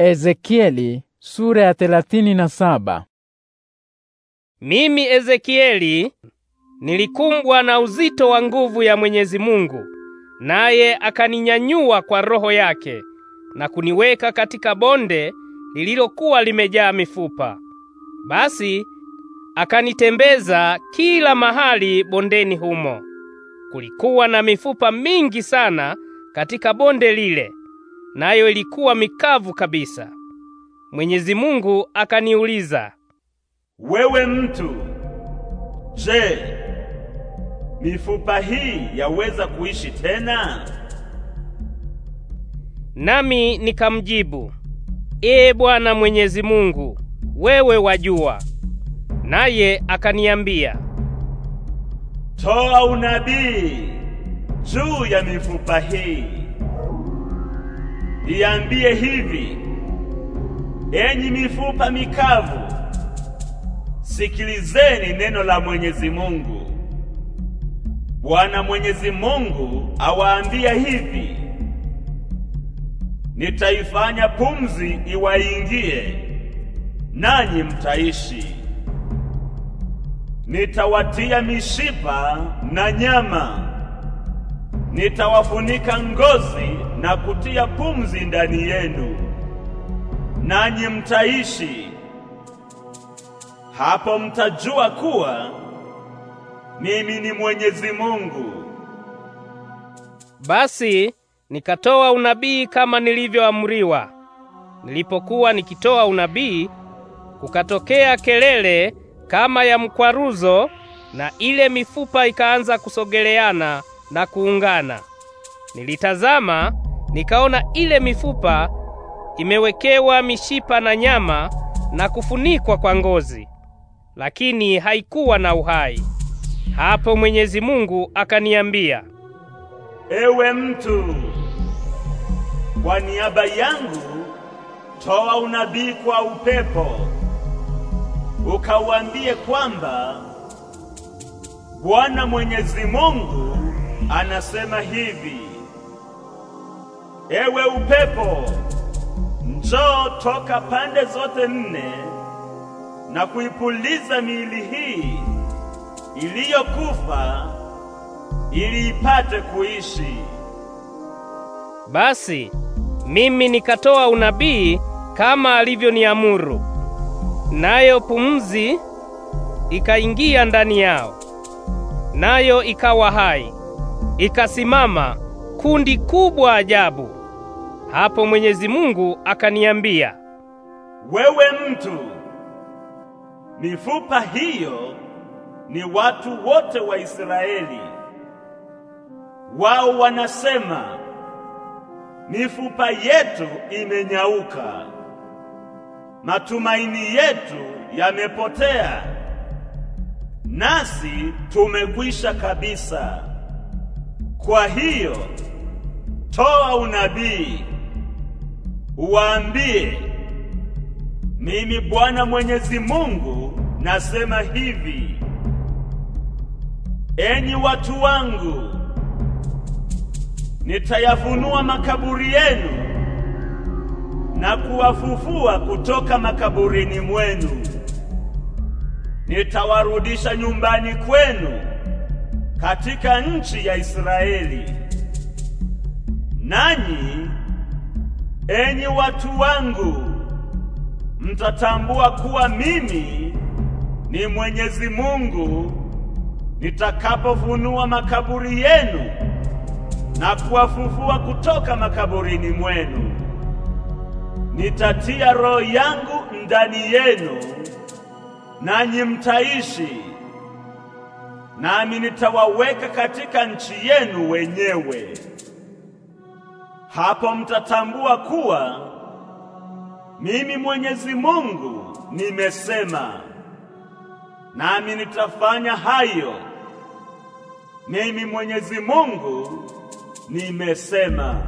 Ezekieli sura ya thelathini na saba. Mimi Ezekieli nilikumbwa na uzito wa nguvu ya Mwenyezi Mungu, naye akaninyanyua kwa roho yake na kuniweka katika bonde lililokuwa limejaa mifupa. Basi akanitembeza kila mahali bondeni humo. Kulikuwa na mifupa mingi sana katika bonde lile nayo ilikuwa mikavu kabisa. Mwenyezi Mungu akaniuliza, wewe mtu, je, mifupa hii yaweza kuishi tena? Nami nikamjibu, Ee Bwana Mwenyezi Mungu, wewe wajua. Naye akaniambia, toa unabii juu ya mifupa hii iambie hivi, enyi mifupa mikavu, sikilizeni neno la Mwenyezi Mungu. Bwana Mwenyezi Mungu awaambia hivi, nitaifanya pumzi iwaingie nanyi mtaishi, nitawatia mishipa na nyama, nitawafunika ngozi na kutia pumzi ndani yenu, nanyi mtaishi. Hapo mtajua kuwa mimi ni Mwenyezi Mungu. Basi nikatoa unabii kama nilivyoamriwa. Nilipokuwa nikitoa unabii, kukatokea kelele kama ya mkwaruzo, na ile mifupa ikaanza kusogeleana na kuungana. Nilitazama nikaona ile mifupa imewekewa mishipa na nyama na kufunikwa kwa ngozi, lakini haikuwa na uhai. Hapo Mwenyezi Mungu akaniambia, ewe mtu, kwa niaba yangu toa unabii kwa upepo, ukawaambie kwamba Bwana Mwenyezi Mungu anasema hivi Ewe upepo, njoo toka pande zote nne na kuipuliza miili hii iliyokufa ili ipate kuishi. Basi mimi nikatoa unabii kama alivyoniamuru, nayo pumzi ikaingia ndani yao, nayo ikawa hai, ikasimama kundi kubwa ajabu. Hapo Mwenyezi Mungu akaniambia, wewe mtu, mifupa hiyo ni watu wote wa Israeli. Wao wanasema mifupa yetu imenyauka, matumaini yetu yamepotea, nasi tumekwisha kabisa. Kwa hiyo toa unabii waambie, mimi Bwana Mwenyezi Mungu nasema hivi: enyi watu wangu, nitayafunua makaburi yenu na kuwafufua kutoka makaburini mwenu, nitawarudisha nyumbani kwenu katika nchi ya Israeli, nanyi Enyi watu wangu, mtatambua kuwa mimi ni Mwenyezi Mungu nitakapofunua makaburi yenu na kuwafufua kutoka makaburini mwenu. Nitatia roho yangu ndani yenu, nanyi mtaishi, nami nitawaweka katika nchi yenu wenyewe hapo mtatambua kuwa mimi Mwenyezi Mungu nimesema, nami nitafanya hayo. Mimi Mwenyezi Mungu nimesema.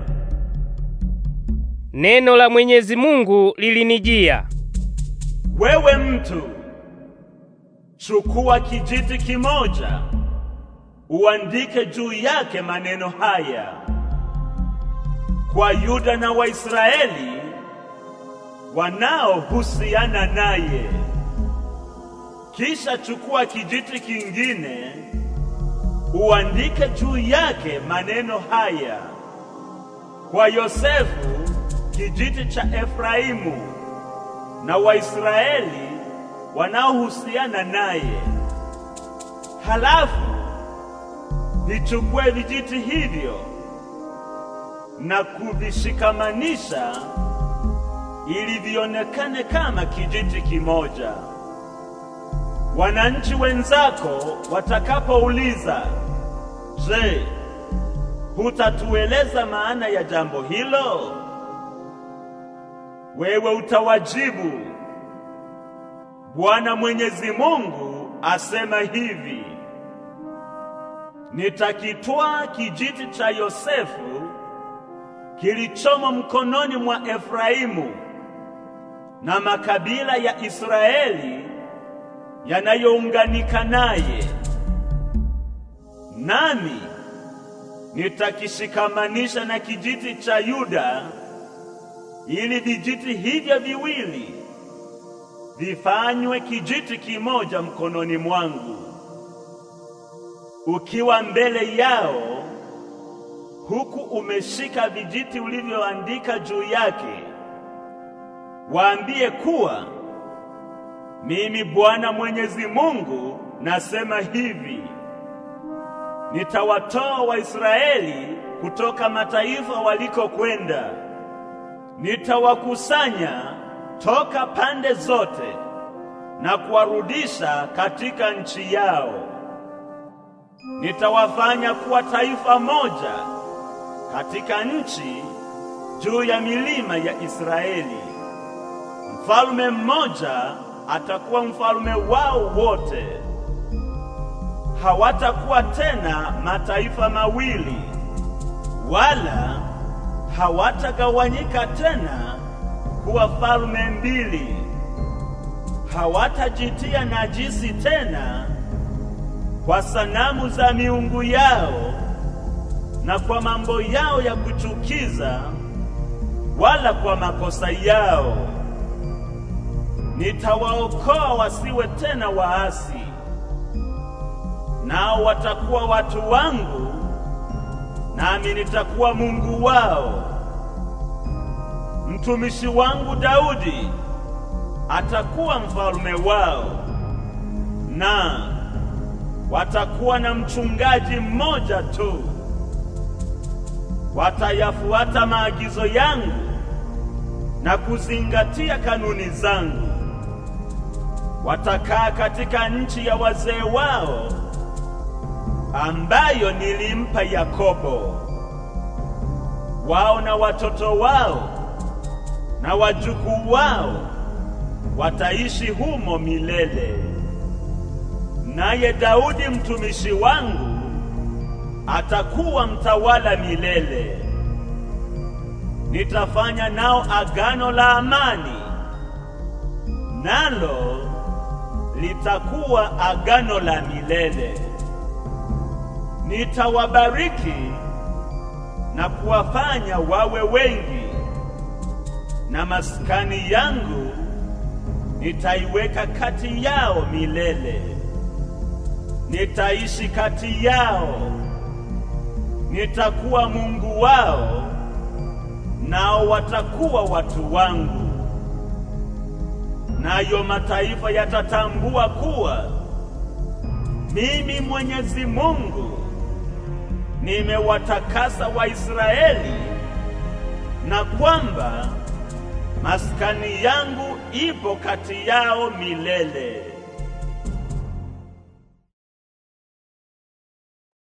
Neno la Mwenyezi Mungu lilinijia, wewe mtu, chukua kijiti kimoja uandike juu yake maneno haya kwa Yuda na Waisraeli wanaohusiana naye. Kisha chukua kijiti kingine uandike juu yake maneno haya: kwa Yosefu kijiti cha Efraimu na Waisraeli wanaohusiana naye. Halafu nichukue vijiti hivyo na kuvishikamanisha ili vionekane kama kijiti kimoja. Wananchi wenzako watakapouliza, je, hutatueleza maana ya jambo hilo? Wewe utawajibu, Bwana Mwenyezi Mungu asema hivi, nitakitwaa kijiti cha Yosefu kilichomo mkononi mwa Efraimu na makabila ya Israeli yanayounganika naye, nami nitakishikamanisha na kijiti cha Yuda ili vijiti hivyo viwili vifanywe kijiti kimoja mkononi mwangu, ukiwa mbele yao huku umeshika vijiti ulivyoandika juu yake, waambie kuwa mimi Bwana Mwenyezi Mungu nasema hivi: nitawatoa Waisraeli kutoka mataifa walikokwenda, nitawakusanya toka pande zote na kuwarudisha katika nchi yao. Nitawafanya kuwa taifa moja katika nchi juu ya milima ya Israeli. Mfalme mmoja atakuwa mfalme wao wote. Hawatakuwa tena mataifa mawili, wala hawatagawanyika tena kuwa falme mbili. Hawatajitia najisi tena kwa sanamu za miungu yao na kwa mambo yao ya kuchukiza wala kwa makosa yao. Nitawaokoa wasiwe tena waasi, nao watakuwa watu wangu, nami nitakuwa Mungu wao. Mtumishi wangu Daudi atakuwa mfalme wao, na watakuwa na mchungaji mmoja tu watayafuata maagizo yangu na kuzingatia kanuni zangu. Watakaa katika nchi ya wazee wao ambayo nilimpa Yakobo. Wao na watoto wao na wajukuu wao wataishi humo milele. Naye Daudi mtumishi wangu atakuwa mtawala milele. Nitafanya nao agano la amani, nalo litakuwa agano la milele. Nitawabariki na kuwafanya wawe wengi, na maskani yangu nitaiweka kati yao milele. Nitaishi kati yao nitakuwa Mungu wao nao watakuwa watu wangu, nayo mataifa yatatambua kuwa mimi Mwenyezi Mungu nimewatakasa Waisraeli na kwamba maskani yangu ipo kati yao milele.